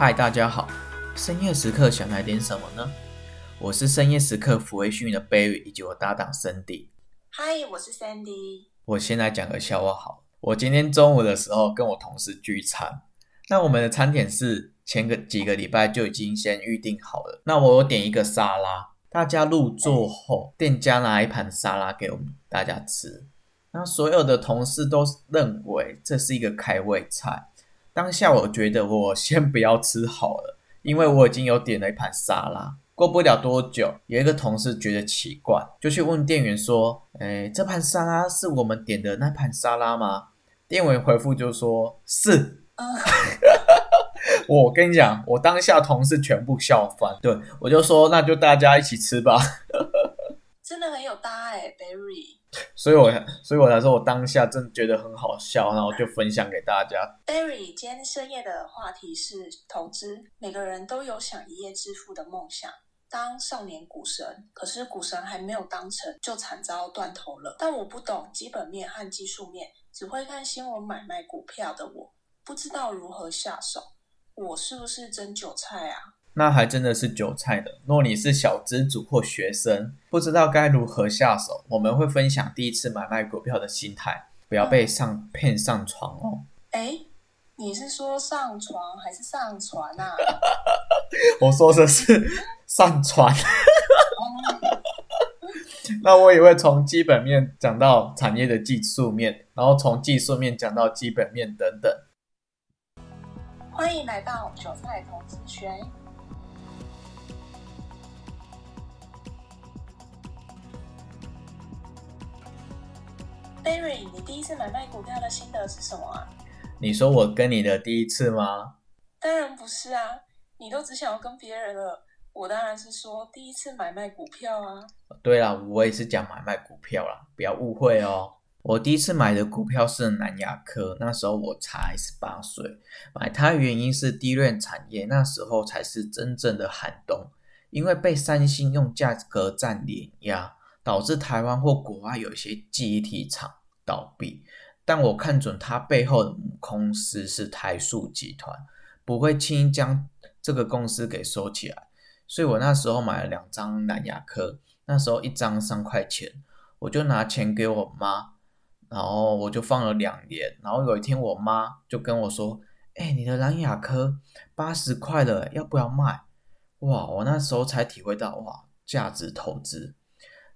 嗨，Hi, 大家好。深夜時刻想來點什麼呢？我是深夜時刻撫慰訓的 Barry，以及我搭檔 Sandy。嗨，我是 Sandy。我先來講個笑話好。我今天中午的時候跟我同事聚餐，那我們的餐點是前個幾個禮拜就已經先預定好了。那我有點一個沙拉，大家入座後，唉店家拿一盤沙拉給我們大家吃。那所有的同事都認為這是一個開胃菜。當下我覺得我先不要吃好了，因為我已經有點了一盤沙拉。過不了多久，有一個同事覺得奇怪，就去問店員說：“哎、欸，這盤沙拉是我們點的那盤沙拉嗎？”店員回復就說：“是。嗯” 我跟你講，我當下同事全部笑翻，對，我就說：“那就大家一起吃吧。 ”真的很有搭哎、欸、，Berry。所以我，所以我才說，我當下真覺得很好笑，然後就分享給大家。嗯，Berry，今天深夜的話題是投資。每個人都有想一夜致富的夢想，當少年股神，可是股神還沒有當成就慘遭斷頭了。但我不懂基本面和技術面，只會看新聞買賣股票的我，不知道如何下手。我是不是真韭菜啊？那還真的是韭菜的。若你是小資族或學生，不知道該如何下手，我們會分享第一次買賣股票的心態，不要被上騙、嗯、上床哦。哎、欸，你是說上床還是上船啊？ 我說的是上船、 嗯。 那我也會從基本面講到產業的技術面，然後從技術面講到基本面等等。歡迎來到韭菜投資圈。Mary，你第一次買賣股票的心得是什麼啊？你說我跟你的第一次嗎？當然不是啊，你都只想要跟別人了。我當然是說第一次買賣股票啊。對啦，我也是講買賣股票啦，不要誤會哦、喔。我第一次買的股票是南亞科，那時候我才十八歲，買它原因是 DRAM 產業，那時候才是真正的寒冬，因為被三星用價格戰碾壓，導致台灣或國外有一些記憶體廠倒閉，但我看準他背後的母公司是台塑集團，不會輕易將這個公司給收起來，所以我那時候買了兩張南亞科，那時候一張三塊錢，我就拿錢給我媽，然後我就放了兩年，然後有一天我媽就跟我說：“哎、欸，你的南亞科八十塊了，要不要賣？”哇，我那時候才體會到哇，價值投資。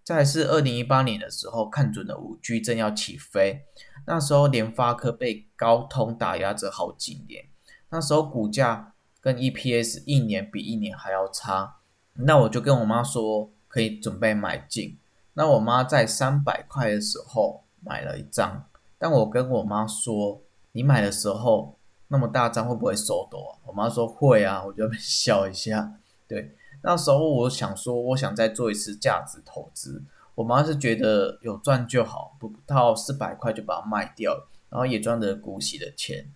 再來是二零一八年的時候，看準了五 G 正要起飛，那時候聯發科被高通打壓着好幾年，那時候股價跟 EPS 一年比一年還要差，那我就跟我媽說可以準備買進，那我媽在三百塊的時候買了一張，但我跟我媽說，你買的時候那麼大張會不會手抖啊？我媽說會啊，我就笑一下，對。那時候我想說，我想再做一次價值投資。我媽是覺得有賺就好，不到四百塊就把它賣掉，然後也賺得股息的錢。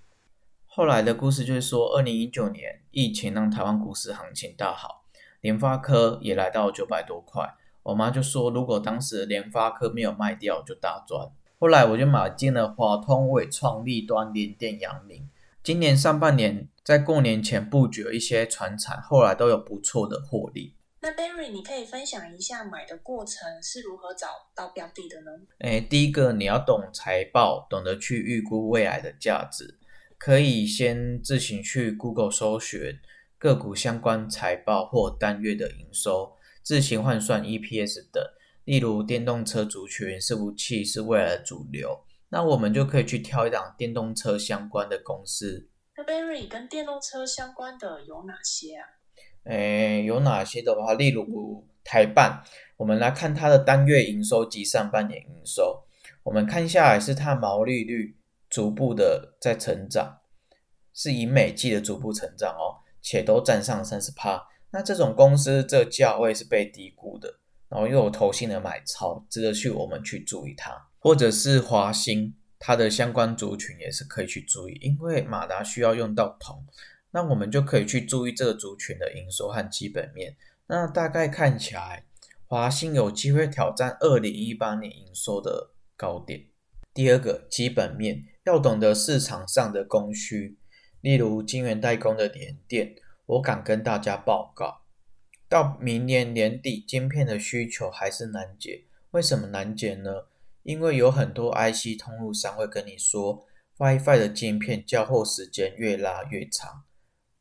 後來的故事就是說，二零一九年疫情讓台灣股市行情大好，聯發科也來到九百多塊。我媽就說，如果當時聯發科沒有賣掉，就大賺。後來我就買進了華通、緯創、立端、聯電、陽明。今年上半年在過年前布局一些傳產，後來都有不錯的獲利。那 Barry，你可以分享一下買的過程是如何找到標的的呢？哎、欸，第一個你要懂財報，懂得去預估未來的價值，可以先自行去 Google 搜尋個股相關財報或單月的營收，自行換算 EPS 等。例如電動車族群，伺服器是未來的主流。那我們就可以去挑一檔電動車相關的公司。那 Barry 跟電動車相關的有哪些啊？哎，有哪些的話，例如台半，我們來看它的單月營收及上半年營收。我們看下來是它毛利率逐步的在成長，是以每季的逐步成長哦，且都占上三十趴。那這種公司這價位是被低估的，然後又有投信的買超，值得去我們去注意它。或者是華興，它的相關族群也是可以去注意，因為馬達需要用到銅，那我們就可以去注意這個族群的營收和基本面。那大概看起來，華興有機會挑戰二零一八年營收的高點。第二個基本面要懂得市場上的供需，例如晶圓代工的聯電，我敢跟大家報告，到明年年底，晶片的需求還是難解。為什麼難解呢？因為有很多 IC 通路商會跟你說，WiFi 的晶片交貨時間越拉越長。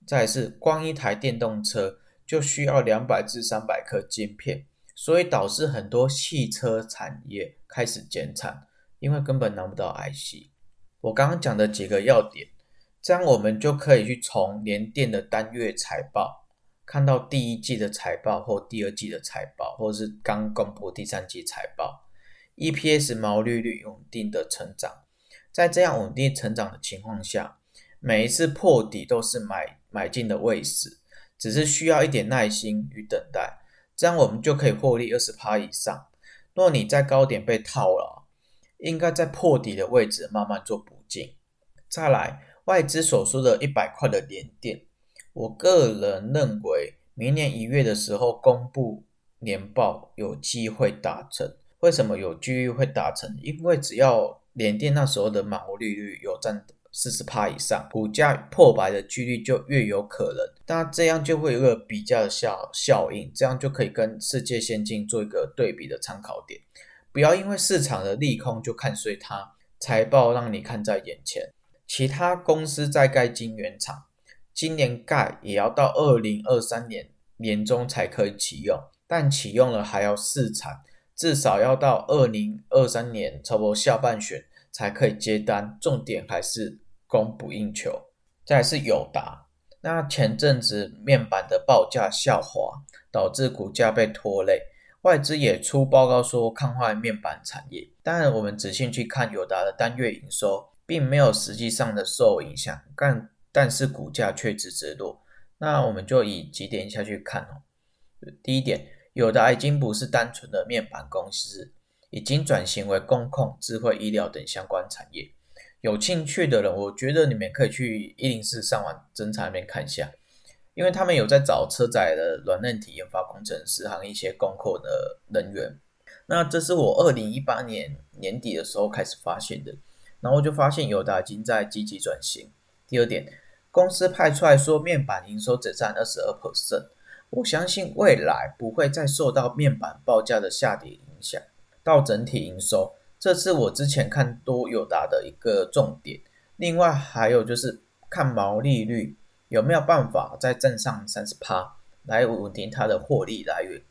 再是，光一台電動車就需要兩百至三百顆晶片，所以導致很多汽車產業開始減產，因為根本拿不到 IC。我剛剛講的幾個要點，這樣我們就可以去從聯電的單月財報，看到第一季的財報，或第二季的財報，或是剛公布第三季財報。EPS 毛利率、穩定的成長，在這樣穩定成長的情況下，每一次破底都是買買進的位置，只是需要一點耐心與等待，這樣我們就可以獲利二十趴以上。若你在高點被套了，應該在破底的位置慢慢做補進。再來，外資所說的“一百塊”的連電，我個人認為，明年一月的時候公布年報，有機會達成。為什麼有幾率會達成？因為只要聯電那時候的毛利率有占四十趴以上，股價破百的幾率就越有可能。那這樣就會有一個比較的效效應，這樣就可以跟世界先進做一個對比的參考點。不要因為市場的利空就看衰它。財報讓你看在眼前，其他公司在蓋晶圓廠，今年蓋也要到二零二三年年中才可以啟用，但啟用了還要試產。至少要到二零二三年差不多下半旬才可以接單，重點還是供不應求。再來是友達，那前陣子面板的報價下滑，導致股價被拖累。外資也出報告說看壞面板產業，當然我們仔細去看友達的單月營收，並沒有實際上的受影響，但但是股價卻直直落。那我們就以幾點下去看哦，第一點。友達已經不是單純的面板公司，已經轉型為工控、智慧醫療等相關產業。有興趣的人，我覺得你們可以去一零四上網徵才裡面看一下，因為他們有在找車載的軟硬體研發工程師和一些工控的人員。那這是我二零一八年年底的時候開始發現的，然後就發現友達已經在積極轉型。第二點，公司派出來說面板營收只占二十二 percent。我相信未來不會再受到面板報價的下跌影響到整體營收。這是我之前看多友達的一個重點，另外還有就是看毛利率有沒有辦法再站上三十趴，來穩定它的獲利來源。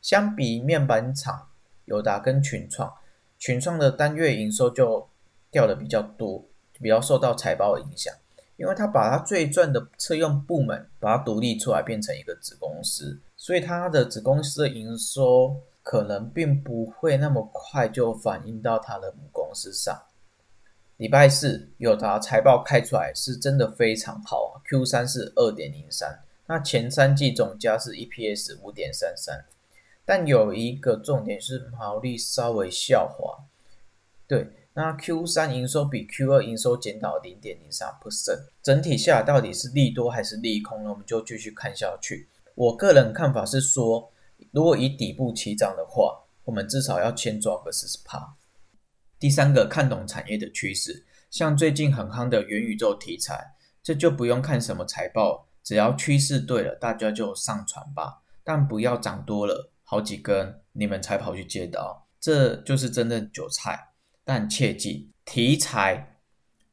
相比面板廠友達跟群創，群創的單月營收就掉的比較多，比較受到財報的影響。因為他把他最賺的車用部門把它獨立出來變成一個子公司，所以他的子公司的營收可能並不會那麼快就反映到他的母公司上。禮拜四友達財報開出來是真的非常好，Q3 是二點零三，那前三季總加是 EPS 五點三三，但有一個重點是毛利稍微下滑，對。那 Q 三營收比 Q 二營收減少零點零三趴，整體下到底是利多還是利空呢？我們就繼續看下去。我個人看法是說，如果以底部起漲的話，我們至少要先抓個四十趴。第三個，看懂產業的趨勢，像最近很夯的元宇宙題材，這就不用看什麼財報，只要趨勢對了，大家就上船吧。但不要漲多了好幾根，你們才跑去接刀，這就是真的韭菜。但切記，題材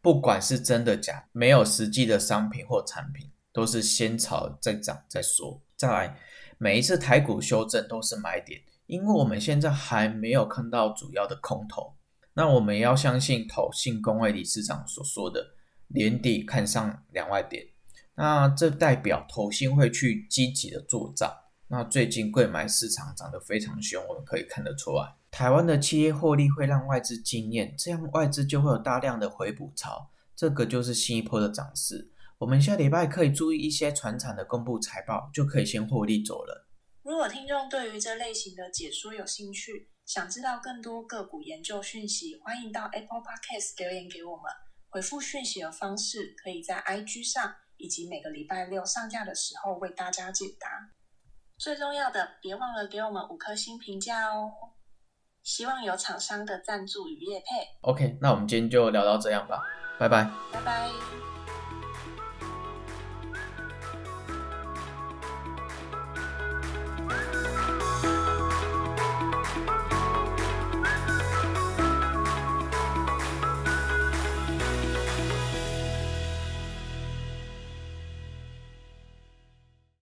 不管是真的假，沒有實際的商品或產品，都是先炒再漲再說。再來，每一次台股修正都是買點，因為我們現在還沒有看到主要的空頭。那我們要相信投信公會理事長所說的，年底看上兩萬點，那這代表投信會去積極的做漲。那最近櫃買市場漲得非常凶，我們可以看得出來。台灣的企業獲利會讓外資驚豔，這樣外資就會有大量的回補潮，這個就是新一波的漲勢。我們下禮拜可以注意一些傳產的公布財報，就可以先獲利走了。如果聽眾對於這類型的解說有興趣，想知道更多個股研究訊息，歡迎到 Apple Podcast 留言給我們。回覆訊息的方式可以在 IG 上，以及每個禮拜六上架的時候為大家解答。最重要的，別忘了給我們五顆星評價哦！希望有廠商的贊助與業配。OK，那我們今天就聊到這樣吧，拜拜！拜拜。